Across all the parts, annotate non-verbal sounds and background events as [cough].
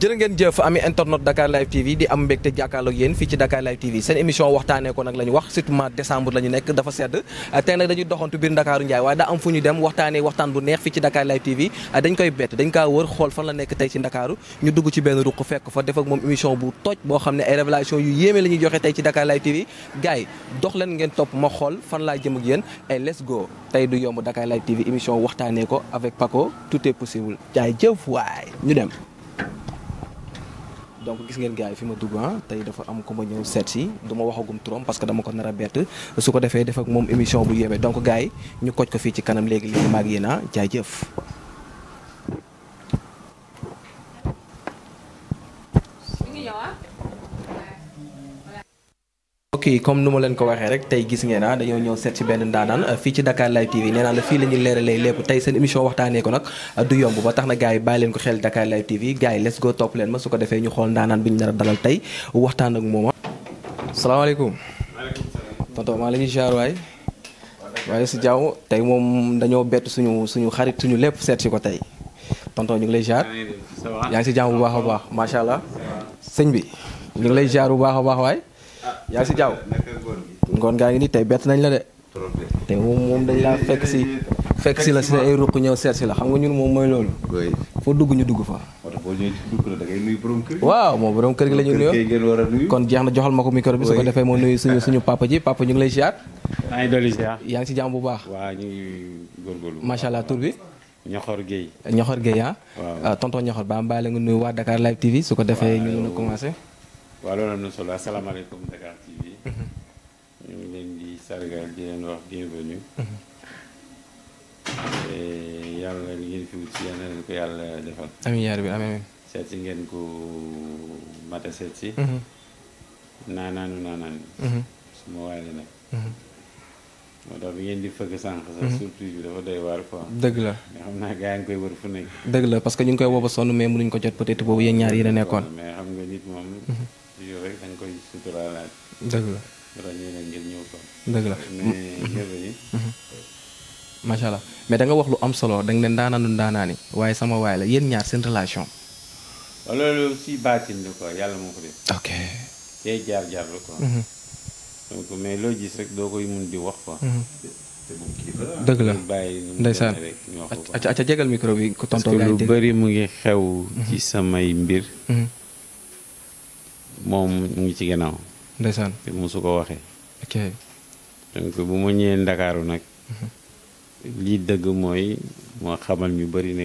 jërë ngeen jëf ami internet Dakar Live TV di am mbégte jàkkaarloog yéen fii ci Dakar Live TV seen émission waxtaanee ko nag la ñu wax surtout mois décembre la ñu nekk dafa sedd euh, tey nag dañuy doxantu biir Ndakaaru Njaay waaye daa am fu ñu dem waxtaanee waxtaan bu neex fii ci Dakar Live TV euh, dañ koy bett dañ kaa wër xool fan la nekk tey ci Ndakaaru ñu dugg ci benn ruq fekk fa def ak moom émission bu toj boo xam ne ay révélation yu yéeme la ñuy joxe tey ci Dakar Live leen ngeen topp ma xool fan laa jëm ak yéen ay go tey du yomb Dakar Live TV émission waxtaanee ko avec Paco tout est possible jaay jëf waay ñu dem donc gis ngeen gars yi fi ma dugg ah tey dafa am ko ma ñëw seet si du ma waxagum turam parce que dama ko nara bett su ko defee def ak moom émission bu yéeme donc gars yi ñu koj ko fii ci kanam léegi léegi maag yéen ah jaajëf mbokk yi comme nu ma leen ko waxee rek tey gis ngeen ah dañoo ñëw seet ci benn ndaanaan uh, fii ci Dakar Live TV nee naa la fii la ñuy leeralee lépp tey seen émission waxtaanee ko nag uh, du yomb ba tax na gars yi leen ko xel Dakar Live TV gars yi let's go topp leen ma su ko defee ñu xool ndaanaan bi ñu nar a dalal tey waxtaan ak moom. Ah. salaamaaleykum. maaleykum salaam. tonton maa la ñuy jaar waay. waaye si jaww tey moom dañoo bett suñu suñu xarit suñu lépp seet si ko tey tonton ñu ngi lay jaar. yaa si jàmm bu baax a baax macha allah. sëñ bi ñu ngi lay jaar bu baax baax waay Ah, yaa si jaaw ngoon gaa ngi nii tey bett nañ la de te moom moom dañ laa fekk si fekk si la si ay ruq ñëw seet si la xam nga ñun moom mooy loolu foo dugg ñu dugg fa waaw moom borom kër gi la ñu nuyoo kon jeex na joxal ma ko micro bi su ko defee moo nuyu suñu [laughs] suñu papa ji papa ñu ngi lay ziar maa ngi yaa ngi si jàmm bu baax waaw ñu ngi góorgóorlu macha allah tur bi Ñoxor Guèye Ñoxor Guèye ah. ah tonton Ñoxor ba am bàyyi nga nuyu waa Dakar Live TV su ko defee ñu mën a commencé waaw loolu am na solo asalaamaaleykum Dakar TV ñu ngi leen di sargal di leen wax bienvenue eh, yàlla li ngeen fi wut si yàlla leen ko yàlla defal amiin yaa rabbi amiin seet si ngeen ko mata seet si mm-hmm. naanaanu naanaan mm-hmm. suma waay nag mm-hmm. moo tax bi ngeen di fëgg sànq sax surtout bi dafa doy waar quoi dëgg la mais xam naa gaa ngi koy wër fu nekk dëgg la parce que ñu ngi koy woo ba sonn mais mënuñ ko jot peut boobu yéen ñaar yi la nekkoon mais xam nga nit moom sutura laaj. dëgg la. dara ñëw mm-hmm. mm-hmm. allah mais da wax lu am solo da leen ne ndaanaanu ndaanaani waaye sama waay la yéen ñaar seen relation. Oh, loolu si ok. Mm-hmm. mais loo gis rek doo koy mun di wax quoi. dëgg la ndeysaan acca jegal micro bi ko tontoo lu bari mu ngi xew ci samay mbir moom mu ngi ci ginnaaw. ndeysaan te mosu ko waxee. donc bu ma ñëwee ndakaaru nag. Mhm. lii dëgg mooy moo xamal ñu bari ne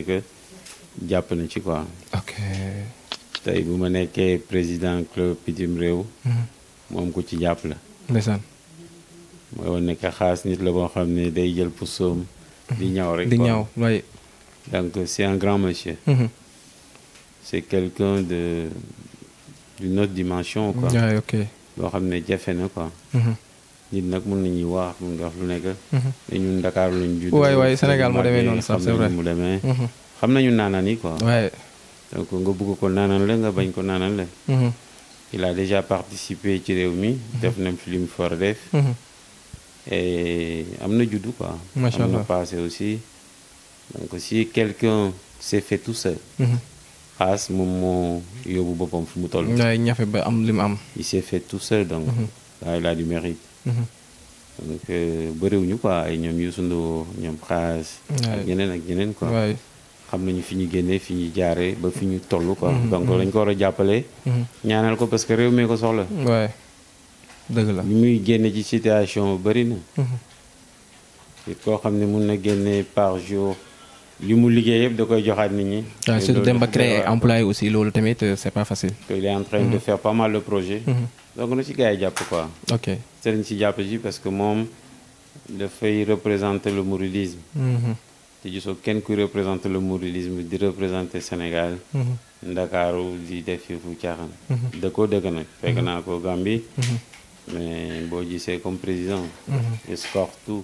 jàpp na ci quoi. ok tey bu ma nekkee président club bitim réew. Mhm. moom ku ci jàpp la. ndeysaan. mooy woon ne xaas nit la boo xam ne day jël pour mhm. di ñaw rek di ñaw waaye. donc c'est un grand monsieur. c'est quelqu'un de. d'une autre dimension quoi loo xam ne jafe na quoi mm-hmm. nit nag mën nañuy wax mën nga wax lu nekk mais mm-hmm. ñun Dakar lañ judd waay waay Sénégal mu demee noonu sax c'est vrai mu demee mm-hmm. xam nañu naanaan yi quoi waay donc nga bëgg ko naanaan la nga bañ ko naanaan la il a déjà participé ci réew mi def na fi li a def am na juddu quoi am na passé aussi donc si quelqu'un s'est fait tout seul As moom moo yóbbu boppam fu mu toll. ngay ñafe ba am li mu am. il s'est fait tout seul donc. waaye mhm. laa du mérite. Mhm. donc euh, bëriwuñu quoi ay ñoom Youssou Ndour ñoom Xaas. ak ñeneen ak ñeneen quoi. xam nañu fi ñu génnee fi ñu jaaree ba fi ñu toll ko mhm. donc lañ ko war a jàppale. ñaanal ko parce que réew mee ko soxla. waay dëgg la. muy génne ci situation bëri na. koo xam ne mun na génne par jour. li mu liggéey yëpp da koy joxaat nit ñi. waaw ah, surtout dem créer ay employés loolu tamit euh, c'est pas facile. il est en train de mhm. faire pas mal de projets. Mhm. donc na ci gars que moom dafay représenter le mouridisme. Mhm. te gisoo kenn kuy représenter le mouridisme di représenter Sénégal. Ndakaaru di def yëfu da dëkkoo dëkk nag fekk naa ko Gambie. mais boo gisee comme président. escorte tout.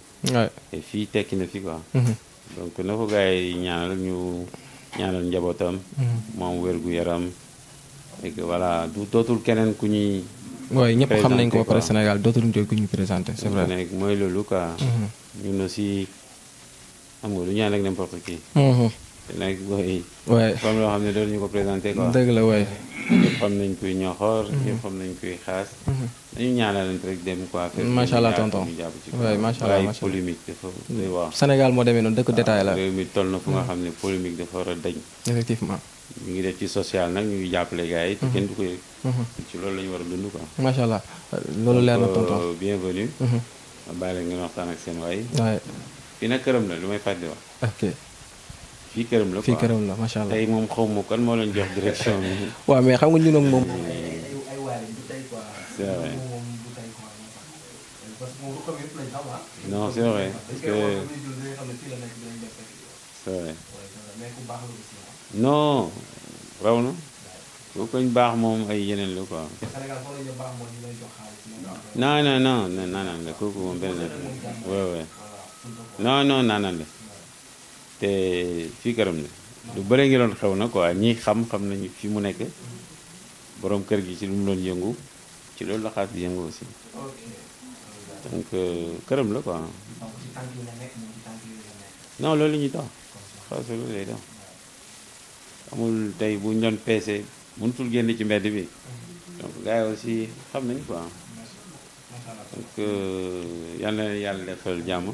et fii tekki na fi quoi. donc na ko gars yi ñaanal ñu ñaanal njabootam. Mm-hmm. moom wér yaram. et que voilà du dootul keneen ku ñuy. waaye ñëpp xam nañ ko ba pare Sénégal dootul ñu ku ñuy présenté c'est vrai. nekk mooy loolu quoi. Mm-hmm. ñun si xam nga du ñaan rek n'importe qui. Mm-hmm. nag booy. waay comme loo xam ne doon ñu ko présenté quoi. dëgg la waay. ñëpp xam nañ kuy ñoxoor. Mhm. ñëpp xam nañ kuy xaas. Mhm. dañu ñaanalante rek dem mhm. la. réew mi toll na fu nga xam ne polémique dafa war a dañ. effectivement. ñu ngi def ci social nag ñu ngi jàppale gars yi. te kenn du ko yëg. ci a allah loolu leer na tonton euh, bienvenue. ma bàyyi la ngeen waxtaan ak seen waay. fii nag këram la lu may wax. fii këram la fii këram la macha allah tey moom xaw ma kan moo leen jox direction bi. [laughs] waaw mais xam nga ñun ak moom. c'est baax moom ay yeneen kooku moom benn la. waaw waaw non non non non te fii këram la lu bëre ngi doon xew na quoi ñi xam xam nañu fi mu nekk boroom kër gi ci lu mu doon yëngu ci loolu la xaas di yëngu aussi donc euh, këram la quoi non loolu ñuy dox xaas loolu lay dox amul tey bu ñu doon peese mënutul génn ci mbedd bi mhm. donc gars yi aussi xam nañu quoi donc euh, yal na yàlla defal jàmm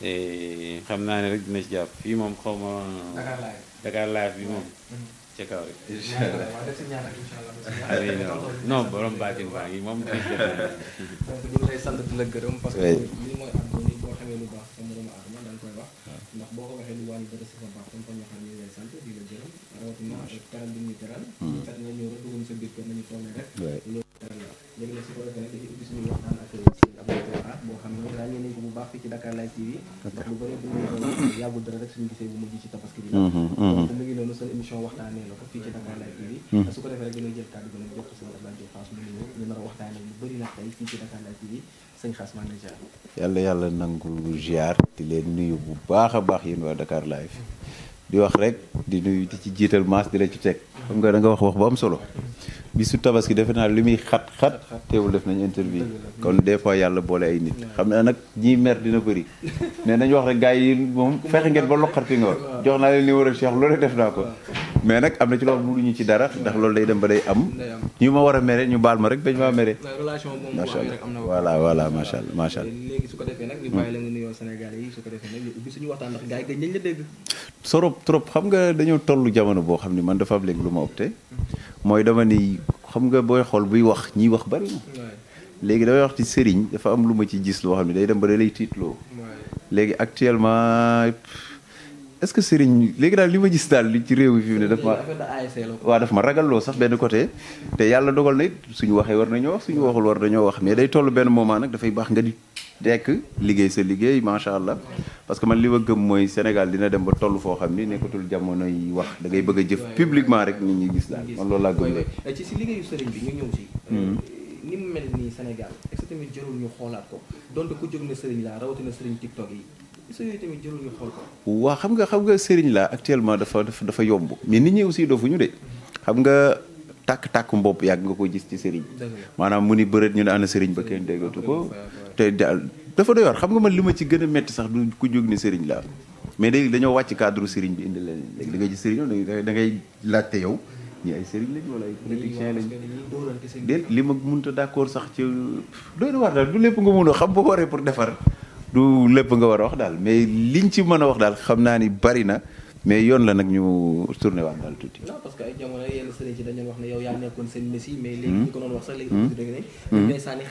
Eh, xam naa ne rek dina ci jàpp fii moom xaw ma. Dakar Live bi moom. Mm-hmm. ca kaw rek incha allah baatin baa ngi moom dina ci jàpp. donc ñu ngi lay la gërëm. parce que lii mooy lu baax sa moromu aadama da nga koy wax. Ah. ndax boo ko waxee lu wàllu dara si fa baax comme comme xam ne lay sant di la gërëm. Mm. rawatina ak teral bi teral. Mm. fekk nga ñëw rek Dakar Live TV ndax lu bëri bu mu ngi noonu yàggul dara bu mujj ci tabaski bi la mhm, mhm. donc ngi noonu seen waxtaanee la ko fii ci Dakar mhm. su ko defee rek a a waxtaanee lu bëri nag fii ci Dakar Live TV sëñ yàlla yàlla nangu ziar di leen nuyu bu baax a baax yéen waa Dakar Live di wax rek di nuyu di ci jiital maas di la ci teg xam nga da nga wax wax bu am solo bisu tabaski defe naa li muy xat xat teewul def nañ interview kon des fois yàlla boole ay nit xam ne nag ñiy mer dina bëri mais nañ wax rek gars yi moom fexe ngeen ba loqarti nga jox naa leen li war a Cheikh loolu def naa ko mais nag am na ci loo xam ne mënuñu ci dara ndax loolu day dem ba day am ñu ma war a mere ñu baal ma rek bañ maa mere macha allah voilà voilà macha allah macha allah yow Sénégal yi defee nag suñu waxtaan ndax gars yi dañ la trop xam nga dañoo toll jamono boo xam ni man dafa am léegi lu ma opté mooy dama ni xam nga booy xool buy wax ñiy wax bari léegi damay wax ci sëriñ dafa am lu ma ci gis loo xam ne day dem ba da lay tiitloo. léegi actuellement. est-ce que Serigne léegi daal li ma gis daal li ci réew mi fi mu ne daf ma ragalloo sax benn côté te yàlla dogal na it suñu waxee war nañoo wax suñu waxul war nañoo wax mais day toll benn moment nag dafay baax nga di dekk liggéey sa liggéey macha allah parce que man li ma gëm mooy Sénégal dina dem ba toll foo xam ni nekkatul jamono yi wax dangay bëgg a jëf publiquement rek nit ñu gis daal man loolu laa gëm de. Euh, ci si liggéeyu sëriñ bi nga ñëw si. Euh, hmm. ñu xoolaat ko donte ku jóg na sëriñ laa rawatina sëriñ TikTok yi. waaw xam nga xam nga sëriñ laa actuellement dafa dafa yomb mais nit ñi aussi ñu de xam nga tàkk-tàkk mbopp yàgg nga ko gis ci sëriñ maanaam mu ni bërët ñu ne ana sëriñ ba kenn déggatu ko te dafa doy waar xam nga man li ma ci gën a metti sax du ku jóg ne sëriñ la mais léegi dañoo wàcc cadre sëriñ bi indi leen léegi da ngay gis sëriñ da ngay laajte yow ñi ay sëriñ lañ wala li ma mënta d'accord sax ci doy na waar daal du lépp nga mën a xam boo waree pour defar du lépp nga war a wax daal mais liñ ci mën a wax daal xam naa ni bari na mais yoon la nag ñu tourné waat daal tuuti. wax ne yow yaa nekkoon seen messi mais hmm? léegi ñu wax sax léegi. Hmm? dañu sànni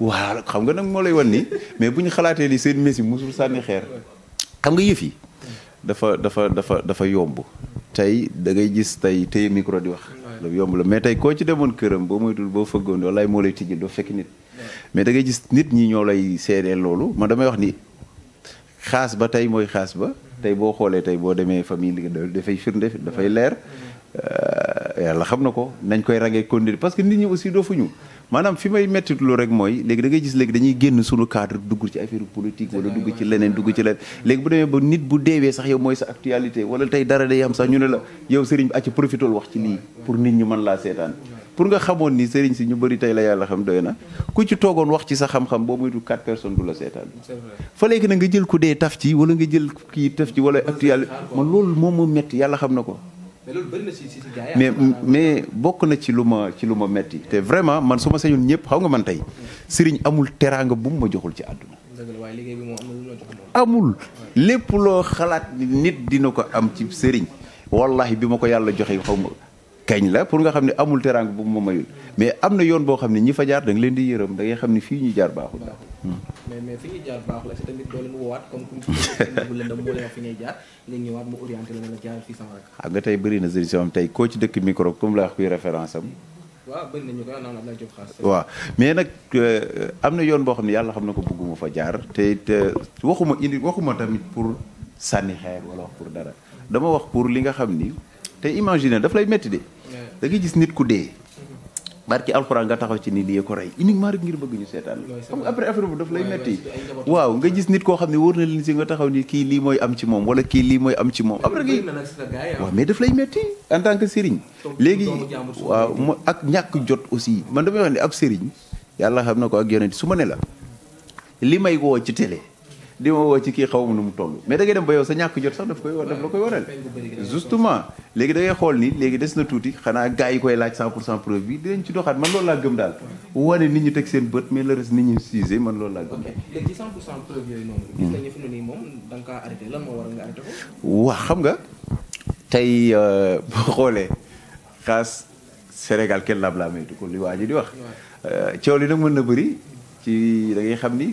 waaw xam nga nag moo lay wan nii mais bu ñu xalaatee li seen Messi musul sànni xeer xam nga yëf yi dafa dafa dafa dafa yomb tey da ngay gis tey téye micro di wax lu yomb la mais tey koo ci demoon këram boo moytul boo fëggoon walaay moo lay tijjil doo fekk nit mais da ngay gis nit ñi ñoo lay seedeel loolu man damay wax nii xaas ba tey mooy xaas ba tey boo xoolee tey boo demee famille li dafay firnde dafay leer euh, yàlla xam na ko nañ koy ragee conduire parce que nit ñi aussi doo fu ñu maanaam fi may mettit lu rek mooy léegi da ngay gis léegi dañuy génn suñu cadre dugg ci affaire politique wala dugg ci leneen dugg ci leneen léegi bu demee ba nit bu deewee sax yow mooy sa actualité wala tey dara day am sax ñu ne la yow sëriñ bi acca profitool wax ci lii pour nit ñi mën laa seetaan pour nga xamoon ni sëriñ si ñu bëri tey la yàlla xam doy na ku ci toogoon wax ci sa xam-xam boo moytu quatre personnes du la seetaan fa léegi na nga jël ku dee taf ci wala nga jël kii taf ci wala actualité man loolu moom ma yàlla xam na ko mais loolu bëri mais mais bokk na ci lu ma ci lu ma metti te vraiment man su ma sañoon ñëpp xaw nga man tey sëriñ amul teraanga bu mu ma joxul ci àdduna. dëgg la waaye liggéey bi moom amul lépp loo xalaat nit dina ko am ci sëriñ wallahi bi ma ko yàlla joxe xaw ma kañ la pour nga xam ne amul teraanga bu mu ma mayul mais am na yoon boo xam ne ñi fa jaar da leen di yërëm da ngay xam ni fii ñu jaar baaxul. mais mais fi ñuy jaar baax la si tamit doo leen woowaat comme comme bu leen nga tey bëri na solution am tey koo ci dëkk micro comme la wax kuy référence am waaw na ñu ko naan mais nag euh, am na yoon boo xam ne yàlla xam na ko bëgguma fa jaar te te euh, waxuma indi waxuma tamit pour sànni xeer wala wax pour dara dama wax pour li nga xam ni te imaginer daf lay métti de da gis nit ku dee barki alxuraan nga taxaw ci nit ñi ko rey uniquement rek ngir bëgg ñu seetaan xam nga après affaire bu daf lay metti waaw nga gis nit koo xam ne wóor na leen si nga taxaw ni kii lii mooy am ci moom wala kii lii mooy am ci moom après gi waaw mais daf lay metti en tant que sëriñ léegi waaw mo ak ñàkk jot aussi man damay wax ne ab sëriñ yàlla xam na ko ak yonent su ma ne la li may woo ci télé di ma woo ci kii xaw ma nu mu toll mais da dem ba yow sa ñàkk jot sax daf koy war daf la koy waral justement léegi da xool ni léegi des na tuuti xanaa gars yi koy laaj 100 pour cent preuve bi dinañ ci doxaat man loolu laa gëm daal wane nit bët mais le reste nit ñi siise man loolu laa gëm léegi 100 pour cent preuve yooyu noonu gis nañu fi nii moom waa xam nga tey euh, [laughs] boo xoolee xaas Sénégal kenn laab laa maytu ko li waa ji di wax euh, coow li nag mën na bëri ci da ngay xam ni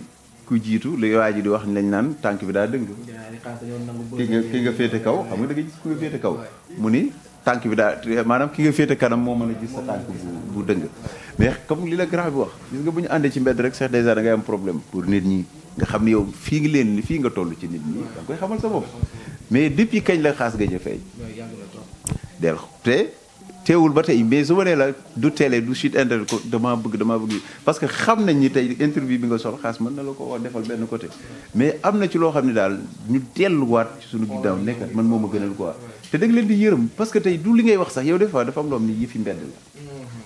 ku jiitu li waa ji di wax lañ naan tànk bi daa dëng ki nga ki nga féete kaw xam nga da nga gis ki nga féete kaw mu ni tànk bi daa maanaam ki nga féete kanam moo mën a gis sa tànk bu dëng mais comme li la grand bi wax gis nga bu ñu àndee ci mbedd rek sax dèjà da ngay am problème pour nit ñi nga xam ne yow fii ngi leen ni fii nga toll ci nit ñi da nga koy xamal sa bopp mais depuis kañ la xaas gëj a del te teewul ba tey mais su ma nee la du télé du site interview bi nga sol xaas mën na la ko wax defal benn côté mais am na ci loo xam ne daal ñu delluwaat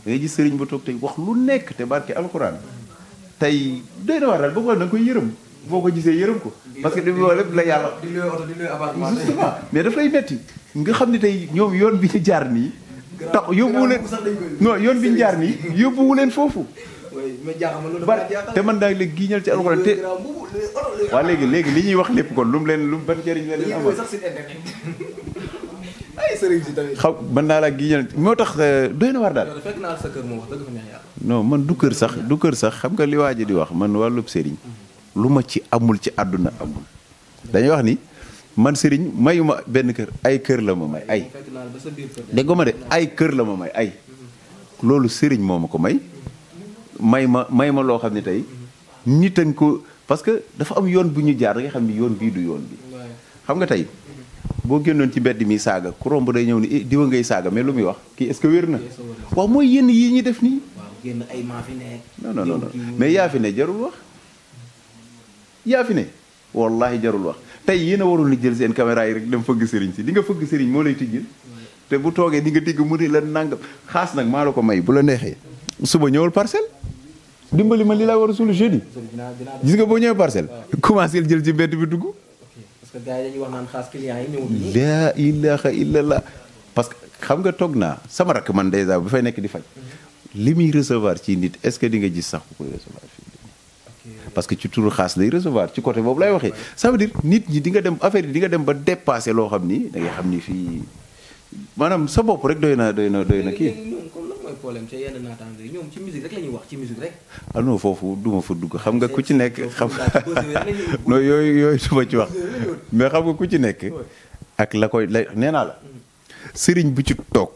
a gënal sëriñ ba toog tey wax lu nekk te barke alxuraan tey doy na waar daal bëggoon na koy yërëm boo ko gisee yërëm ko parce que di loolu la yàlla mais daf metti nga xam ne tey ñoom yoon bi ñu jaar nii tax yóbbuwu leen non yoon bi ñu jaar nii yóbbuwu leen foofu. te man daal léegi giiñal ci alxuraan te waa léegi léegi li ñuy wax lépp kon lu leen lu ban jëriñ la leen amal xaw mën naa laa giiñal moo tax euh, doy na war daal non man du kër sax du kër sax xam nga li waa ji di wax man wàllub sëriñ lu ma ci amul ci àdduna amul dañuy wax ni man sëriñ mayuma benn kër ay kër la ma may ay dégg ma de ay kër la ma may ay loolu sëriñ moom ma ko may may ma may ma loo xam ne tey nit a ko parce que dafa am yoon bu ñu jaar nga xam ni yoon bii du yoon bi xam nga tey boo génnoon ci mbedd mi saaga ku romb day ñëw ni eh, diwa ngay saaga mais lu muy wax kii est-ce que wér na waaw mooy yenn yii ñuy def nii génn ay maa fi ne non non non mais yaa fi ne jarul wax yaa fi ne wallahi jarul wax tey yéen a warul jël seen caméra yi rek dem fëgg sëriñ si di nga fëgg sëriñ moo lay tijjil te bu toogee di nga digg mu ni la nangam xaas nag maa la ko may bu la neexee suba ñëwul parcelle dimbali ma li laa war a suul jeudi gis nga boo ñëwee parcelle commencé jël ci mbedd bi dugg parce que gars yi dañuy wax naan xaas client yi ñëwul laa ilaha illallah parce que xam nga toog naa sama rakk man dèjà bu fay nekk di faj li muy recevoir ci nit est ce que di nga gis sax bu koy recevoir fii parce que ci turu xaas lay recevoir ci côté boobu lay waxee ça veut dire nit ñi di nga dem affaire yi di nga dem ba dépassé loo xam ni da ngay xam ni fii maanaam sa bopp rek doy na doy na doy na kii problème wax ci musique ah foofu du fa dugg xam nga ku ci nekk xam [laughs] non yooyu yooyu du ci wax mais xam nga ku ci nekk ak la koy la nee naa la mm. sëriñ bu ci toog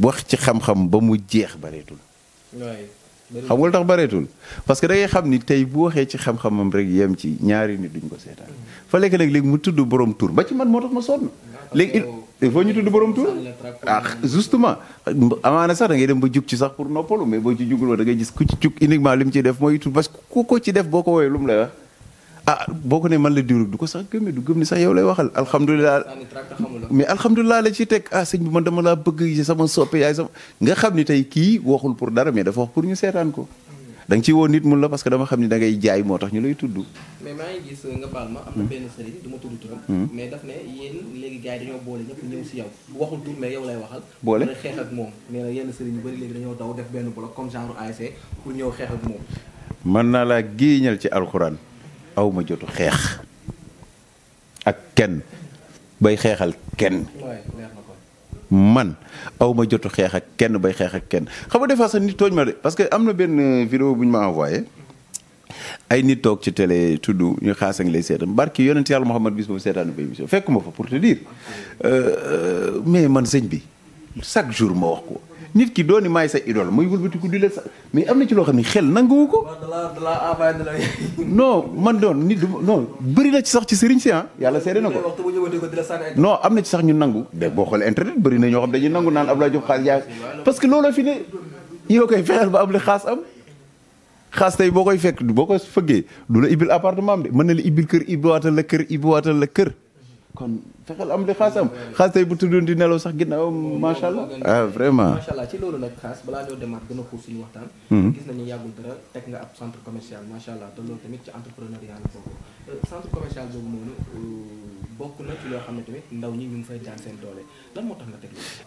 wax ci xam-xam ba mu jeex bareetul. xam nga lu tax bareetul parce que da ngay xam ni tey boo waxee ci xam-xamam rek yem ci ñaari nit duñ ko seetaan fa lekk nag léegi mu tudd borom tur ba ci man moo tax ma sonn léegi il ñu tudd borom tur ah justement amaana sax da ngay dem ba jug ci sax pour noppalu mais boo ci juguloo da ngay ci jug uniquement li mu ciy def mooy tur parce ku ko ci def boo ko woowee lu mu lay ah boo ko ne man la diw du ko sax gëmee du gëm ni sax yow lay waxal alhamdulilah mais alhamdulilah la ci teg ah sëñ bi man dama laa bëgg sama soppe yaay sama nga xam ni tey kii waxul pour dara mais dafa pour ñu seetaan ko da nga ci woo nit mun parce que dama xam ni da jaay moo tax ñu lay tudd mais maa ngi gis nga baal ma am na hmm. benn sëriñ du hmm. boole ñëpp yow waxul tur mais yow lay waxal boole xeex moom nee yenn sëriñ yu bëri léegi dañoo daw def benn bloc comme genre ASC e pour ñëw xeex ak moom naa laa géeñal ci alxuraan awma jotu xeex ak kenn bay xeexal kenn man awma jotu xeex ak kenn bay xeex ak kenn xam nga des fois sax nit tooñ ma de parce que am na benn euh, vidéo bu ñu ma envoyé ay nit toog ci télé tudd ñu xaas ak lay seetaan barki yonent yàlla Muhammad bis boobu seetaanu ba émission fekk ma fa pour te dire euh, euh, mais man sëñ bi chaque jour ma wax ko nit ki dooni maay sa idole muy wëlbatiku di mais am na ci loo xam ne xel nanguwu ko. [laughs] non man doon nit du non bëri na ci sax ci sëriñ si ah. yàlla seede na ko non am na ci sax ñu nangu. de boo xoolee internet bëri na ñoo xam dañuy nangu naan Abdoulaye Diop xaas yaa parce que looloo fi am li xaas boo koy fekk boo ko fëggee du la ibbil appartement am de mën na la ibbil kër ibbiwaatal la kër ibbiwaatal la kër. kon fexeel am li xaasam xaas tey bu tuddoon di nelaw sax ginnaaw macha allah. Ah, ah, vraiment macha allah ci loolu nag xaas balaa ñoo demaat gën a xuus suñu waxtaan. Hmm. gis nañu yàggul dara teg nga ab centre commercial macha allah te loolu euh, euh, loo xam ne ndaw ñi ñu ngi fay daan seen doole lan moo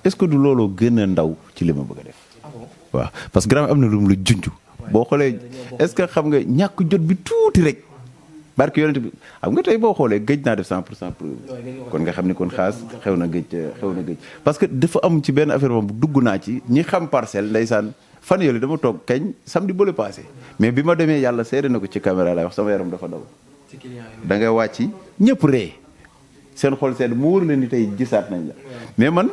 est-ce que du looloo gën a ndaw ci li ma bëgg a def. Ah waaw parce que grand am na lu mu la junj. boo xoolee est-ce que xam nga ñàkk jot bi tuuti rek. barke yonent bi xam tey boo xoolee gëj naa def 100 pour cent kon nga xam ne kon xaas xew na gëj euh, xew na parce que dafa am ci benn affaire bu dugg naa ci ñi xam parcelle ndeysaan fan yooyu dama toog kañ samedi bële passé mais bi ma demee yàlla seede na ko ci caméra wax sama yaram dafa daw dangay nga wàcc ñëpp ree seen xol seen mu wóor na ni tey gisaat nañ la mais man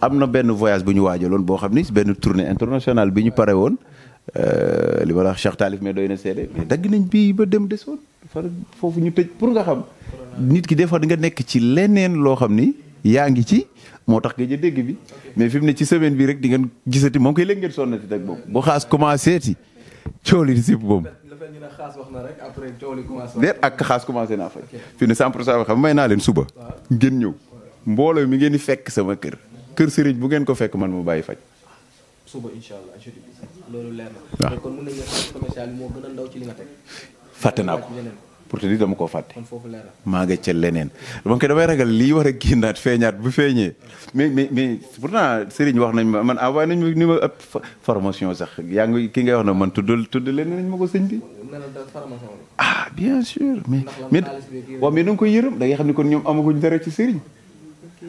am na benn voyage bu ñu waajaloon boo xam ni benn tournée internationale bi ñu pare woon euh, li ma la wax mais doy na seede mais dagg nañ bii ba dem desoon far foofu ñu tëj pour nga xam. nit ki des fois di nga nekk ci leneen loo xam ni yaa ngi ci moo tax nga dégg bi mais fi mu ne ci semaine bi rek di ngeen gisati moom koy léegi ngeen sonnati nag moom bu xaas commencé ti coow li di si boobu. déet ak xaas commencé naa fay. fi mu ne 100 pour cent xam may naa leen suba. ngeen ñëw mbooloo mi ngeen di fekk sama kër. kër sëriñ bu ngeen ko fekk man mu bàyyi faj. suba incha allah loolu leer na. kon mën moo gën a ndaw ci li fàtte naa ko pour te dire dama koo fàtte. maa nga ca leneen. donc damay ragal lii war a génnaat feeñaat bu feeñee mais mais mais pourtant Serigne wax nañ ma man ah, envoyé nañ ma ni ma ab formation sax yaa ngi ki ngay wax na man tuddal tudd leneen nañ ma ko sëñ bi. ah bien sûr. mais mais waaw mais da nga koy yërëm da ngay xam ne kon ñoom amaguñ dara ci Serigne.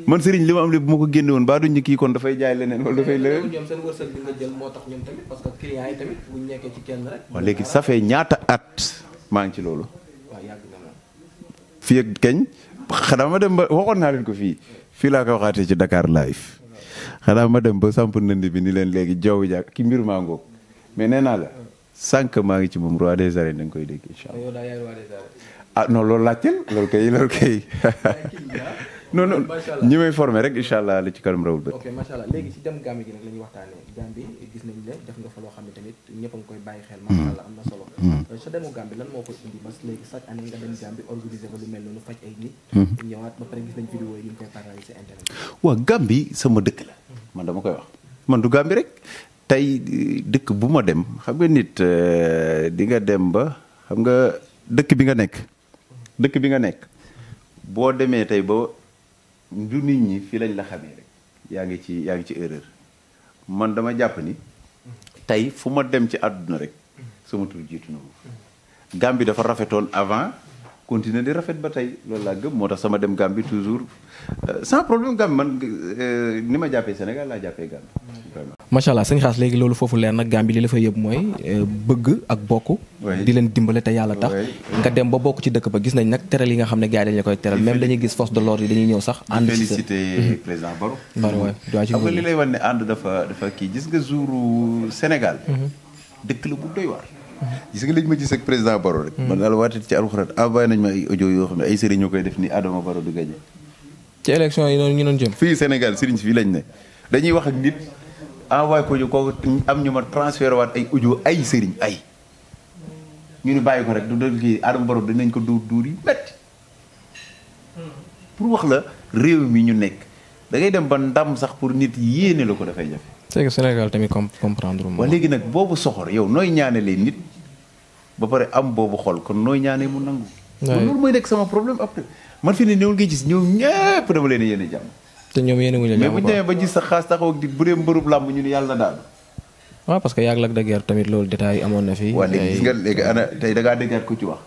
man Serigne li ma am lépp bu ma ko génne woon baa duñ ñu kii kon dafay jaay leneen wala dafay leneen. ñoom seen wërsëg bi nga jël moo tax ñoom tamit parce que client yi tamit bu ñu nekkee ci kenn rek. waaw léegi ça fait ñaata at. maa ngi ci loolu. fii keñ kañ xanaa ma dem ba waxoon naa leen ko fii fii laa ko waxaate ci dakaar live xanaa ma dem ba samp nënd bi ni leen léegi jaww ji ki mbir maa ngoog mais nee naa la sànq maa ngi ci moom roi des arènes da koy dégg incha allah. ah non loolu laajteel loolu kay loolu kay. [laughs] non non ñi may formé rek incha allah li ci kanam rawul bët. ok macha gi nag la ñuy waxtaanee gis nañ ne nga fa loo xam ne tamit koy bàyyi xel. macha allah am na solo. Mm. Mm. Euh, sa lan moo koy indi parce que léegi chaque année nga dem Gambie organiser ko lu mel noonu faj ay nit. Mm-hmm. gis nañ vidéo yi ñu koy sama dëkk la. Mm-hmm. man dama koy wax man du Gambie rek. tey dëkk bu ma dem xam nga nit euh, di nga dem ba xam nga dëkk bi nga nekk. Mm-hmm. dëkk bi nga nekk boo demee tey ba. du nit ñi fii lañ la xamee yaa ngi ci yaa ngi ci erreur man dama jàpp ni tey fu ma dem ci àdduna rek sama tur jiitu na ma Gambie dafa rafetoon avant continuer di rafet ba tey loolu laa gëm moo tax sama dem Gambie toujours euh, sans problème Gambie man euh, ni ma jàppee Sénégal laa jàppee Gambie vraiment. macha allah sëñ Xaas léegi loolu foofu leer nag Gambie li la fa yëpp mooy euh, bëgg ak bokk. di leen dimbale te yàlla tax. nga dem ba bokk ci dëkk ba gis nañ nag teral yi nga xam ne gars yi la koy teral. même dañuy gis force de l'ordre yi dañuy ñëw sax. ànd si félicité mhm. président Barrow. Barrow waay ci xam nga ne ànd dafa dafa kii gis nga jouru Sénégal. Mhm. dëkk la gis nga liñ ma gis ak président Baro rek. Mm. man daal waatee ci alxuraan envoyé nañ ma ay audio yoo xam ne ay sëriñ ñoo koy def nii Adama Baro du gagné. ci élection yi noonu ñu doon jëm. fii Sénégal sëriñ si fii lañ ne dañuy wax ak nit envoyé ko ñu ko am ñu ma transféré waat ay audio ay sëriñ ay. ñu ni bàyyi ko rek du doon kii Adama Baro dinañ ko duur duur yi métti pour wax la réew mi ñu nekk da dem ba ndam sax pour nit yéene la ko dafay jafe. c'est que Sénégal tamit comprendre moom. waaw léegi nag boobu soxor yow nooy ñaanalee nit ba pare am boobu xol kon nooy ñaanee mu nangu. waaw loolu mooy nekk sama problème après man fi ne ñëw ngi gis ñoom ñëpp dama leen yéene jàmm. te ñoom yéene wuñu la jàmm mais bu ba gis sa xaas taxaw ak di bu dee mbërub làmb ñu ne yàlla daal. waaw parce que yàgg la ak dëgër tamit loolu détail amoon na fi. waaw léegi gis léegi ana tey da ngaa dëggaat ko ci wax.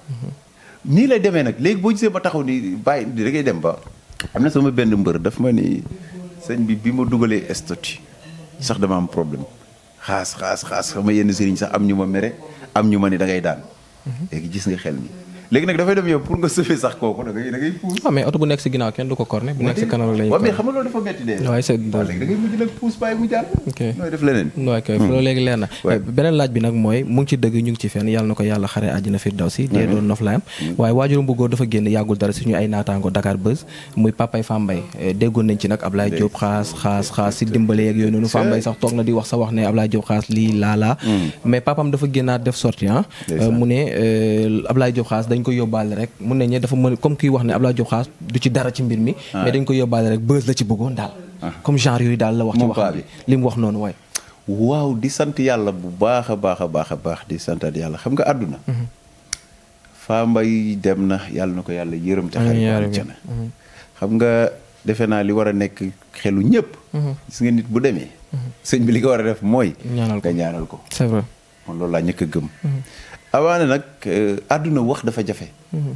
nii lay demee nag léegi boo gisee ba taxaw ni bàyyi da ngay dem ba am na sama benn mbër dafa ma ni sëñ bi bi ma dugalee estoti sax dama am problème xaas xaas xaas xam nga yenn sëriñ sax am ñu ma mere am ñu ma ne da ngay daan mhm. léegi gis nga xel mi léegi nag dafay dem yow pour nga sëfee sax kooku da ah, mais oto bu nekk si ginnaaw kenn du ko corné bu nekk si kanam la ñuy. waaw mais xam nga loolu dafa métti de. waaye hmm. euh, beneen laaj bi nag mooy mu ci dëgg ñu ngi ci fenn yàlla na ko yàlla xare àjjana firdawsi. dee hmm. doon noflaayam. Hmm. waaye waajuram bu góor dafa génn yàggul dara ñu ay naataango Dakar Buzz muy papay Fambaye euh, déggoon nañ ci nag ab Ablaye Diop xaas xaas xaas si dimbale yeeg yooyu noonu Fambaye sax toog na di wax sa wax ne Ablaye Diop xaas lii laa laa mais papam dafa génnaat def sortie ah. euh, mu ne Ablaye Diop xaas dañ ko yóbbaale rek mun nañ ne dafa mën comme kii wax ne Abdoulaye Diop Khass du ci dara ci mbir mi ah. mais dañ ko yóbbaale rek bës la ci bëggoon daal ah. comme genre yooyu daal la wax ci wax li mu wax noonu waaye waaw di sant yàlla bu baax a baax a baax a baax di santaat yàlla xam nga àdduna mhm. faa mbay dem na yàlla na ko yàlla yërëm te xarit ca na xam nga defe naa li war a nekk xelu ñëpp mhm. gis nga nit bu demee mhm. sëñ bi li ko war a def mooy nga ko c'est vrai a awaane nag eh, àdduna wax dafa jafe. Mhm.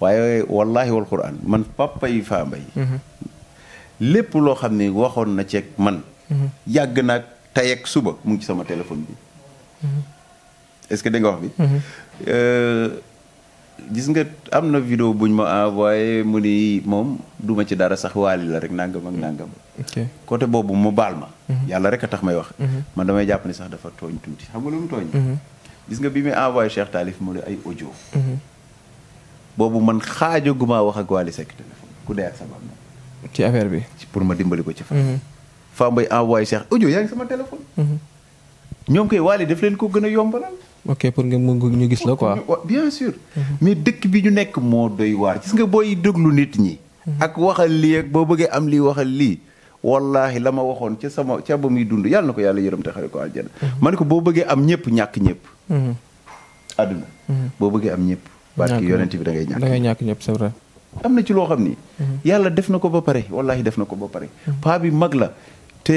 waaye wallaahi wal quraan man papa yi mhm. lépp loo xam ne waxoon na ceeg man. Mhm. yàgg naag tey ak suba mu ci sama téléphone bi. ce que dégg eh, nga am na vidéo buñ ma envoyé mu ni moom duma ci dara sax waali la rek nangam ak nangam. côté boobu mu baal ma. yàlla rek a tax may wax. man damay jàpp ni sax dafa tooñ tuuti xam nga lu tooñ. gis nga bi muy envoyé Cheikh Taalif mu ne ay audio. Mhm. boobu man xaajaguma wax ak Wally Seck téléphone ku dee ak sa bam bi. pour ma dimbali ko ci fa mhm. faa mbay envoyé Cheikh sama téléphone. Mhm. ñoom koy Wally leen ko gën a yombalal. ok pour nga mën ñu gis la quoi. bien dëkk bi ñu nekk moo doy waar gis nga booy déglu nit ñi. ak waxal lii ak boo bëggee am lii waxal lii. wallahi la ma waxoon ca sama ca ba muy dund yàlla na ko yàlla yërëm te xare ma ko boo bëggee am ñëpp ñàkk ñëpp. Mm-hmm. àdduna mm-hmm. boo bëggee am ñëpp barki yonent bi da ngay ñàkk ñàkk ñëpp c'est am na ci loo xam ni mm-hmm. yàlla def na ko ba pare wallahi def na ko ba pare paa bi mag la te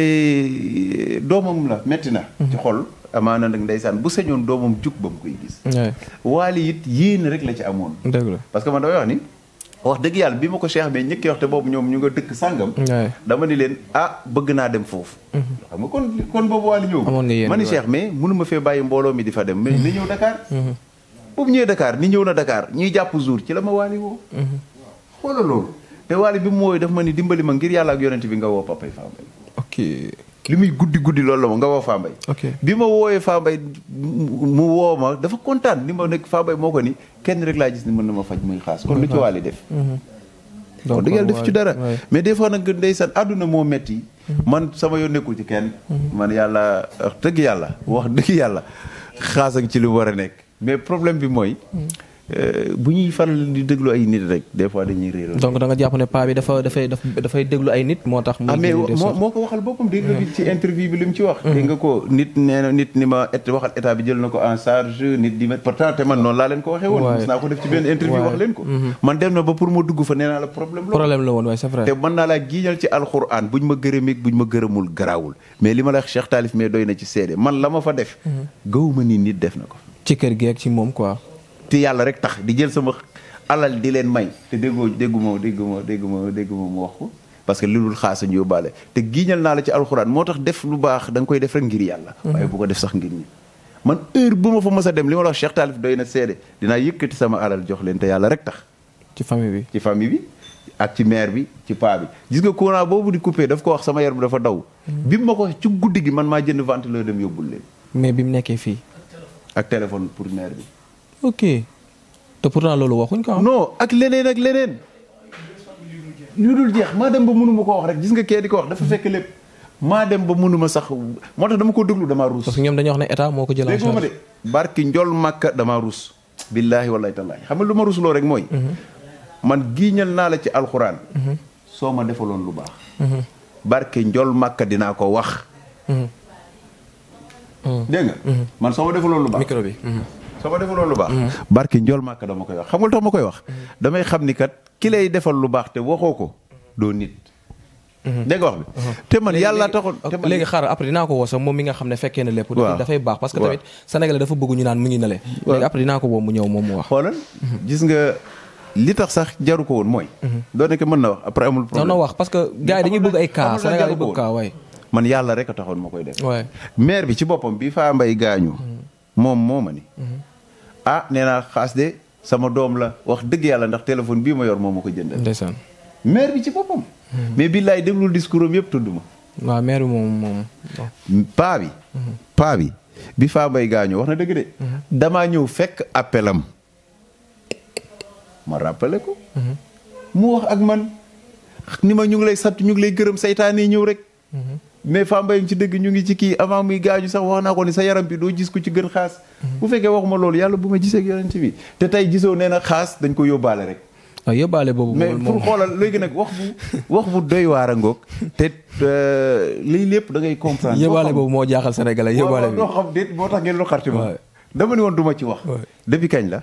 doomam la metti na ci xol amaana nag ndeysaan bu sañoon doomam jug ba mu koy gis waali it yéen rek la ci amoon dëgg la parce que man damay wax ni wax dëgg yàlla bi ma ko Cheikh bi ñëkk wax te boobu ñoom ñu nga dëkk sàngam dama ni leen a ah, bëgg naa dem foofu mhm. xam nga kon kon boobu wàllu ñëw ma ni Cheikh mais mënu fee bàyyi mbooloo mi di fa dem mais mhm. na ñëw Dakar mhm. boobu ñëwee dakaar ni ñëw na dakaar ñuy jàpp jour ci la ma waali woo xoola loolu te waali bi mu wooyu daf ma ni dimbali ma ngir yàlla ak yonent bi nga woo papay Fambaye ok li muy guddi guddi loolu la ma nga woo Fambaye. ok bi ma wooyee Fambaye mu woo ma dafa kontaan ni ma nekk Fambaye moo ko ni kenn rek laa gis ni mën na ma faj muy xaas. kon lu ci waali def. Mhm. kon dëgg yàlla def ci dara mais des fois nag ndeysaan àdduna moo metti mhm. man sama yoon nekkul ci kenn. Mhm. man yàlla wax yàlla wax dëgg yàlla xaas ci li mu war a nekk mais problème bi mooy. Euh, bu ñuy faral di déglu ay nit rek des fois dañuy réeral. donc da nga jàpp ne paa bi dafa dafay dafay déglu ay nit moo tax. ah mais moo ko waxal boppam déglu bi mm-hmm. ci interview bi li mu ci wax. Mm-hmm. dégg nga ko nit nee na ni ma waxal état bi na ko en te man noonu laa leen ko waxee woon. wax leen ko. Mm-hmm. man dem na ba pour ma dugg fa nee la problème la. problème la woon waaye c'est vrai. te mën naa laa giiñal ci alxuraan buñ ma gërëmee buñ ma gërëmul garaawul mais li ma la wax Cheikh mais doy na ci seede man la ma fa def. gëwuma ni nit def na ko. ci kër gi ak ci moom quoi te yàlla rek tax di jël sama alal di leen may te déggoo dégguma dégguma dégguma dégguma mu wax ko parce li dul xaasa ñu te giiñal naa la ci alxuraan moo tax def lu baax da nga koy def rek ngir yàlla mhm. waaye bu ko def sax ngir ñi man heure bu ma fa mës a dem li ma la wax Cheikh Talif doy na seede dinaa yëkkati sama alal jox leen te yàlla rek tax ci famille bi ci famille bi ak ci maire bi ci paa gis nga courant boobu di coupé daf ko wax sama yaram dafa daw mhm. bi mu ma ko ci guddi gi man maa bi ok te pourtant loolu waxuñ ko ah. non ak leneen ak leneen. ñu dul jeex maa dem ba mënuma ko wax rek gis nga kee di ko wax dafa fekk lépp maa dem ba mënuma sax moo tax dama ko déglu damaa ruus. parce que ñoom dañuy wax ne état moo ko jël. dégg ma de barki njol màkka damaa ruus. billaahi wallaahi tallaahi xam nga lu ma ruusloo rek mooy. Mhm. man giiñal naa la ci alxuraan. Mhm. soo ma defaloon lu baax. Mhm. barke njol màkka dinaa ko wax. dégg man soo ma defaloon lu baax micro bi. sama defaloon lu baax. Mm-hmm. barki njool màkk dama koy wax xam tax ma koy wax. Mm-hmm. damay xam ni kat ki lay defal lu baax te waxoo ko doo nit. Mm-hmm. dégg nga wax bi te man yàlla taxoon te man léegi xaaral après dinaa ko woo sax moom mi nga xam ne fekkee na lépp dafay baax parce que tamit sénégalais dafa bëgg ñu naan mu ngi nale moom li tax sax jaru ko woon mooy doo mën na wax après amul problème wax parce que gars yi dañuy bëgg ay cas sénégalais bëgg cas waay man yàlla rek a taxoon ma koy def maire bi ci boppam bi faa mbay gaañu moom moo ma ni ah nee naa xaas de sama doom la wax dëgg yàlla ndax téléphone bii ma yor moom ma ko jëndal. ndeysaan maire bi ci boppam. Hmm. mais billaay déglul discours am yëpp tudd ma. waaw maire moom moom. paa bi. Hmm. paa bi bi faa wax na dëgg de. Hmm. damaa ñëw fekk appelam ma rappelé ko. mu wax ak man ni ma ñu ngi lay sant ñu ngi lay gërëm saytaane ñëw rek. mais Fambaye yi ci dëgg ñu ngi ci kii avant muy gaañu sax wax naa ko ni sa yaram bi doo gis ku ci gën xaas. Mhm. bu fekkee waxuma loolu yàlla bu ma gisee ak yonent bi te tey gisoo nee na xaas dañ ko yóbbaale rek. waaw yóbbaale boobu mais pour xoolal léegi nag wax [laughs] wax bu doy waar a ngoog te euh, lii lépp da ngay comprendre. yóbbaale boobu moo jaaxal Sénégalais yóbbaale bi xam déet tax ngeen loo xarti ma dama ne woon du ma la.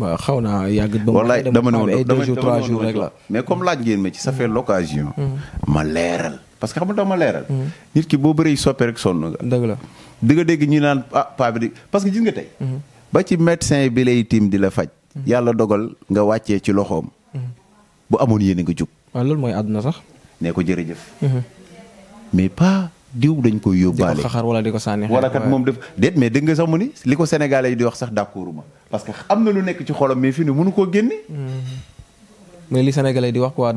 waaw xaw naa yàgg ba wallaay dama ne dama ne woon deux jours trois jours mais comme laaj ngeen ma ci ça fait mm-hmm. l'occasion mm-hmm. ma leeral parce que xam nga dama leeral. Mm-hmm. nit ki boo bëree soppe rek sonn nga. dëgg la di nga dégg ñu naan a ah, paa bi di parce que gis nga tey. Mm-hmm. ba ci médecin bi lay tiim di la faj. Mm-hmm. yàlla dogal nga wàccee ci loxoom. bu amoon yéene nga jub. waaw ah, loolu mooy àdduna sax. nee ko jërëjëf. mais pas diw dañ koy yóbbaale. di ko xaxar wala di ko sànni. wala ni li ko sénégalais di wax sax d' accord ma parce am na lu nekk ci xolam mais fi ne mënu koo génne. mais li ci ma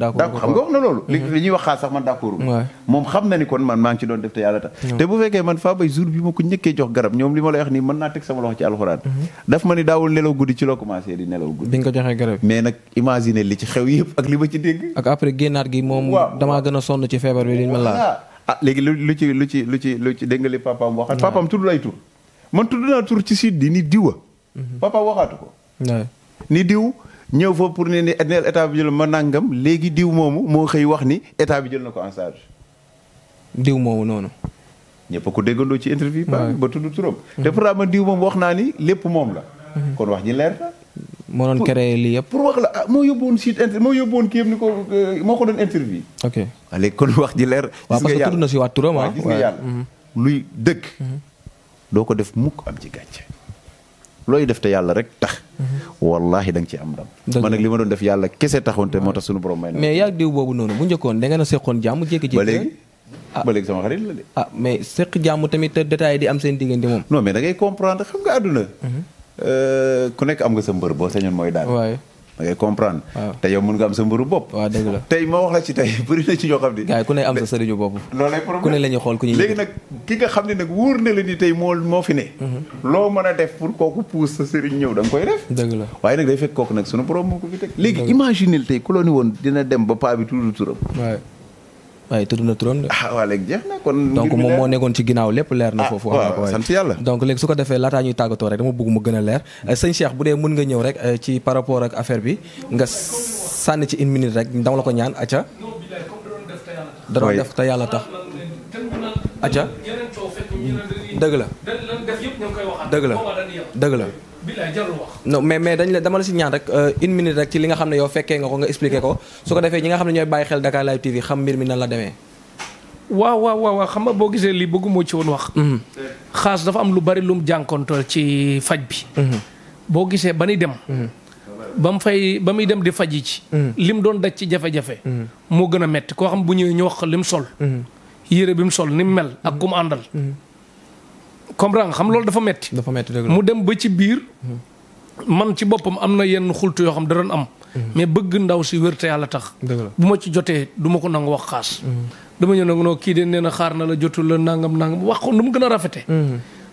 ko ñëkkee jox garab ñoom li ma lay wax mhm. ma ni daawul nelaw guddi ci loo commencé di nelaw guddi bi nga ko joxee garab mais nag imaginer li ci xew yëpp ak li ma ci dégg ak après génnaat gi moom damaa gën a sonn ci feebar bi liñ ma laal ah léegi lu ci lu ci lu ci lu ci dégg nga li papaam waxaat papaam tudd ay tur man tudd naa tur ci site di ni diwa mhm. papa waxaatu ko ni diw ñëw foofu pour ne ni neel état bi jël ma nangam léegi diw moomu moo xëy wax ni état bi jël na ko ensage diw moomu noonu. ñëpp a ko déggandoo ci interview. ba ba tudd turam. Mm-hmm. te pourtant man diw moom wax naa ni lépp moom la. Mm-hmm. kon wax ji leer na. moo doon créé lii yëpp. pour wax la ah moo yóbbuwoon site moo yóbbuwoon kii yëpp ko euh, moo ko doon interview. ok léegi kon wax ji leer. gis nga yàlla tudd na si waat turam ah. gis nga yàlla mm-hmm. luy dëgg. doo ko def mukk am ci gàcce. looy def te yàlla rek tax. Mhm. wallahi da ci am ndam. man nag li ma doon def yàlla kese taxoon te moo tax sunu borom may. mais yaa diw boobu noonu bu njëkkoon da ngeen a seqoon jàmm jékki ba léegi ah. ba léegi sama xarit la de. ah mais seq jàmm tamit te détail di am seen diggante moom. non mais da ngay comprendre xam nga àdduna. Mhm. Euh, ku nekk am nga sa mbër boo sañoon mooy daal. da ngay comprendre. te yow mën nga am sa mburu bopp. waaw dëgg la tey moo wax la ci tey [laughs] bëri na ci ñoo xam ni. gars yi ku ne am sa ku ne ñuy xool ku ñuy. léegi nag ki nga xam ne nag wóor na la ni tey moo moo fi ne. Mhm. loo mën a def pour kooku puus sa sëriñ ñëw da nga koy def. dëgg la waaye nag day fekk kooku nag sunu borom moo ko fi teg. léegi imagineel tey ku loo ni woon dina dem ba paa bi tudd turam. waaye tudd na turam de. ah waa kon. donc moom moo nekkoon ci ginnaaw lépp leer na ah, foofu. ah waaw sant yàlla donc léegi su ko defee laataa ñuy tàggatoo rek dama bëgg mu gën a leer euh, sëñ Cheikh bu dee mën nga ñëw rek euh, ci par rapport ak affaire bi nga sànni ci une rek dama la ko ñaan acca. da def te yàlla tax. acca dëgg la dëgg la dëgg la. bilaay jarul wax. non mais mais dañ la dama la si ñaan rek euh, une minute rek ci li nga xam ne yow fekkee nga ko nga expliqué ko su ko defee ñi nga xam ne ñooy bàyyi xel Dakar Live TV xam mbir mi na la demee. waaw waaw waaw xam nga boo gisee lii bëggumoo ci woon wax. Mm-hmm. xaas dafa am lu bari lu mu jànkonteel ci faj bi. Mm-hmm. boo gisee ba ni dem. Mm-hmm. ba mu fay ba muy dem di faj yi ci. mu doon daj ci jafe-jafe. moo gën a metti koo xam bu ñëwee ñu wax mu sol. yére bi mu sol ni mu mel ak ku comprendre xam loolu dafa metti dafa metti dëgg mu dem ba ci biir. Hmm. man ci boppam am na yenn xultu yoo xam da doon am. Hmm. mais bëgg ndaw si wér te yàlla tax. bu ma ci jotee duma ko nangu wax xaas. Hmm. dama ñëw nag noo kii de nee na xaar na la jotul la nangam nangam wax ko nu mu gën a rafete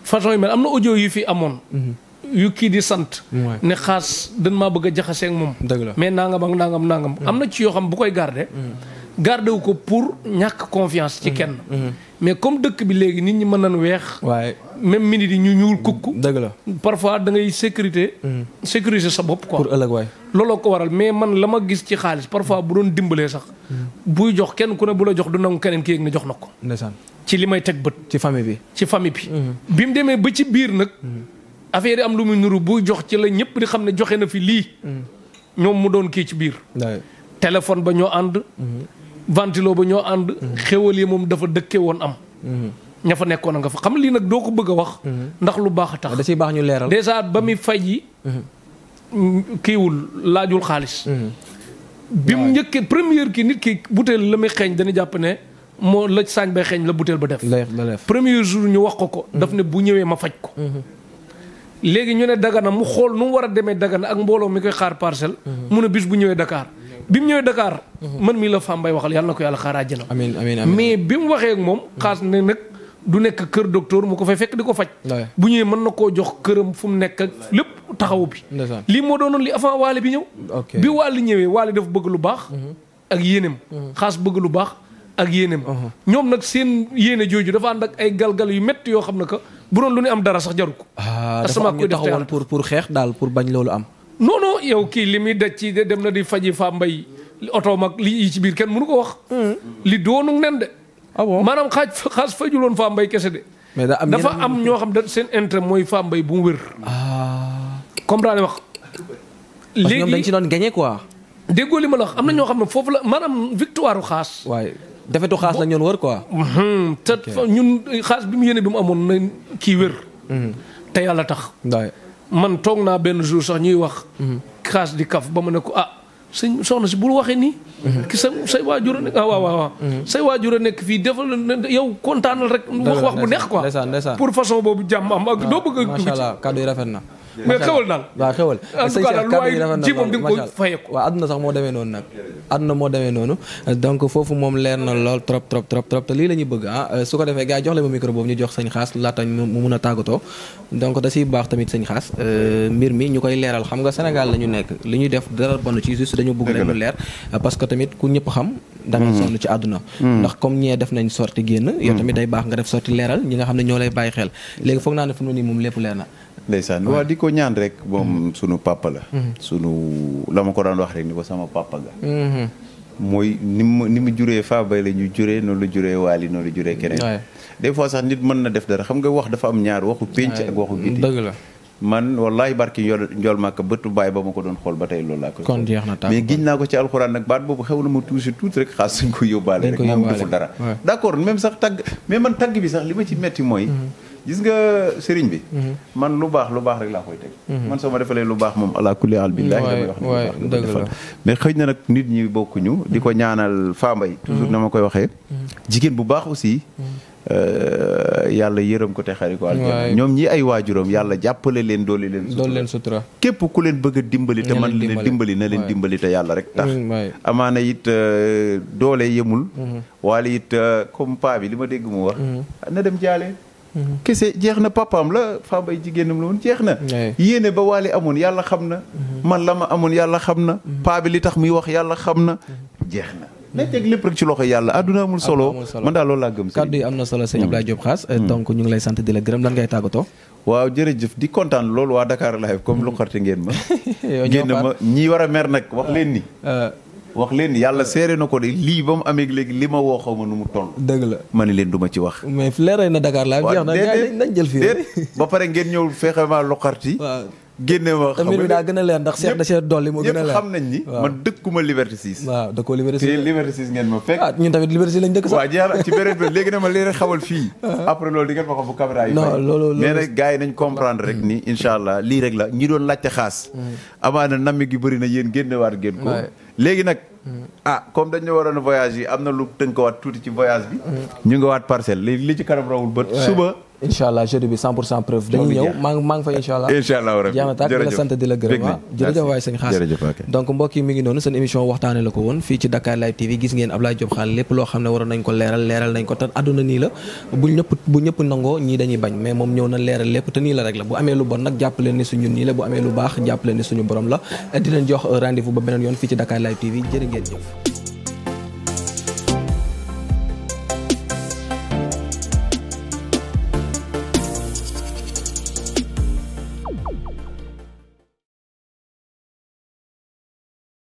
façon yi mel am na audio yu fi amoon. yu kii di sant. ne xaas dañ maa bëgg a jaxaseeg moom. mais nangam ak nangam nangam. am na ci yoo xam bu koy garder. gardewu ko pour ñàkk confiance ci mhm. kenn. Mhm. mais comme dëkk bi léegi nit ñi mën nañ weex. waaye même minute yi ñu ñuul kukk. dëgg la parfois da ngay sécurité. Mhm. sécuriser sa bopp ko ëllëg waay looloo ko waral mais man la ma gis ci xaalis parfois bu doon dimbalee sax. buy jox kenn ku ne bu la jox du nangu keneen ki yëg ne jox na ko. ndeysaan ci li may teg bët. ci famille bi ci famille bi. bi mu demee ba ci biir nag. affaire yi am lu muy nuru buy jox ci la ñëpp di xam ne joxe na fi lii. ñoom mu doon kii ci biir. téléphone ba ñoo ànd. ventilo ba ñoo ànd. xéwal yi moom dafa dëkke woon am. ña fa nekkoon a nga fa xam lii nag doo ko bëgg a wax. ndax lu baax a tax da ciy baax ñu leeral. dèjà ba muy faj yi. kiiwul laajul xaalis. bi mu njëkkee première kii nit ki butéel la muy xeeñ dañu jàpp ne moo la saañ bay xeeñ la butéel ba def. premier jour ñu wax ko ko. daf ne bu ñëwee ma faj ko. Mhm. léegi ñu ne dagana mu xool nu mu war a demee dagana ak mbooloo mi koy xaar parcelle. Mhm. mu ne bis bu ñëwee Dakar. bi mu ñëwee dakaar man mii la Fambaye waxal yàlla na ko yàlla xaar àjjana. amiin amiin amiin mais bi mu waxee ak moom. xaas ne nag du nekk kër docteur mu ko fay fekk di ko faj. bu ñëwee mën na koo jox këram fu mu nekk ak lépp taxaw bi. lii moo doonoon li avant waale bi ñëw. bi waale ñëwee waale dafa lu baax. ak yéeneem. Mhm. xaas bëgg lu baax ak yéeneem. Mhm. ñoom nag seen yéene jooju dafa ànd ay galgal yu métti yoo xam ne que bu doon lu ñu am dara sax jaru ko. Ah, dafa am ñu taxawoon pour pour xeex daal pour bañ loolu am non non yow kii li muy daj ci dem na di faji fa mbay oto mag li yi ci biir kenn mënu ko wax. Hmm. li doonu nen de. ah bon maanaam xaaj xaas fajuloon fa mbay kese de. mais dafa am ñoo xam da seen intérêt mooy fa bu mu wér. Ah. comprendre wax. léegi ñoom dañ ci doon gagné quoi. déggoo li ma la wax am na ñoo xam ne foofu la maanaam victoire xaas. waay defetu xaas la ñoon wër quoi. Hmm, te ñun xaas bi mu yéene bi mu amoon na kii wér. Hmm. te yàlla tax. man toog naa benn jour sax ñuy wax. crash di kaf ba ma ne ko ah sëñ soxna si bul waxee nii. ki sa say waajur a nekk ah, waaw waaw say waajur a nekk fii defal yow kontaanal rek. wax wax bu neex quoi. pour façon boobu jàmm am ak doo bëgg a. macha allah kàddu yi rafet na. mais xewal daal waaw xewal en tout cas daal lu waay ji moom di nga ko sax moo demee noonu nag àdduna moo demee noonu donc foofu moom leer na lool trop trop trop trop te lii la ñuy bëgg ah euh, su ko defee gars yi jox leen ma micro boobu ñu jox sañ xaas laatañ mu mun a tàggatoo donc da siy baax tamit sañ xaas euh, mbir mi ñu koy leeral xam nga Sénégal la ñu nekk li ñuy def dara bonu ci juste dañu bëgg rek lu leer parce que tamit ku ñëpp xam da ngay mm-hmm. sonn ci àdduna mm-hmm. ndax comme ñee def nañ sorti génn yow tamit mm-hmm. day baax nga def sorti leeral ñi nga xam ne ñoo lay bàyyi xel léegi foog ne fu mu ne ndeysaan waaw di ko ñaan rek moom mm-hmm. sunu papa la. Mm-hmm. sunu la ma ko daan wax rek ni ko sama papa ga. Mm-hmm. mooy ni mu ni mu juree faa la ñu juree noonu la juree waali noonu la juree keneen. des fois sax nit mën na def dara xam nga wax dafa am ñaar waxu pénc ak waxu biti. man wallahi barki njool njool màkk bëtu baay ba ma ko doon xool ba tey loolu laa koy kon jeex na tànk mais ko ci ma tuusi d' accord man tagg bi sax li ma ci metti mooy mhm. gis nga sëriñ bi mhm. man lu baax lu baax rek laa koy teg mhm. man soo ma defalee lu baax moom ala kulli al billaahi damay wax ne lu baax defal na nag nit ñi bokkuñu di ko ñaanal Fambaye toujours na ma koy waxee jigéen bu baax aussi Euh, yàlla yërëm ko te xari ko aljana ñoom ñi ay waajuram yàlla jàppale leen doole leen doole leen sutura képp ku leen bëgg a dimbali te man leen dimbali na leen dimbali te yàlla rek tax amaana it euh, doole yemul mhm. waala it euh, comme paa bi li ma dégg mu wax mhm. na dem jaale mhm. kese jeex na papaam la Fambaye jigéenam la woon jeex na. yéene ba waali amoon yàlla xam na. man la ma amoon yàlla xam na. paa bi li tax muy wax yàlla xam na jeex na. na teg lépp rek ci loxo yàlla àdduna amul solo man daal loolu laa gëm kàddu yi am na solo sëñ Abdoulaye Diop Khass hmm. donc ñu ngi lay sant di la gërëm lan ngay tàggatoo waaw jërëjëf di kontaan loolu waa Dakar Live comme lu xarte ngeen ma [laughs] ngeen ma ñi war a mer nag wax leen ni euh. wax leen yàlla seere na ko de lii ba mu amee léegi li ma woo xaw ma nu mu toll. dëgg la ma ne leen duma ci wax. mais leeral na Dakar laa jeex na nañ jël fii ba pare ngeen ñëw fexe maa loqarti. [laughs] génne ma xam da seet dolli moo gën a nañ ni man dëkkuma Liberté 6 waaw dëkkoo Liberté 6 Liberté ngeen ma fekk ah tamit Liberté 6 lañ dëkk sax waaw jeex [laughs] loolu loolu mais nag yi nañ comprendre rek ni mm. incha allah lii rek la ñi doon laajte xaas mm. amaana nammi gi bëri na yéen génnewaat ngeen ko léegi nag mm. ah comme dañu waroon voyage yi am na lu tënkawaat tuuti ci voyage bi ñu nga waat parcelle li ci kanam rawul bët suba incha allah jeudi bi 100 pour cent preuve dañuy ñëw maa ngi fa incha allah incha allah rabi jaana Xaas donc mbokk yi mi ngi noonu seen émission waxtaane la ko woon fii ci Dakar Live TV gis ngeen Ablaye Diop Xaal lépp loo xam ne waroon nañ ko leeral leeral nañ ko te àdduna nii la bu ñëpp nangoo ñi dañuy bañ mais moom ñëw na leeral lépp te nii la rek la bu amee lu bon nag jàpp leen ni suñu nii la bu amee lu baax jàpp leen suñu borom la di leen jox rendez ba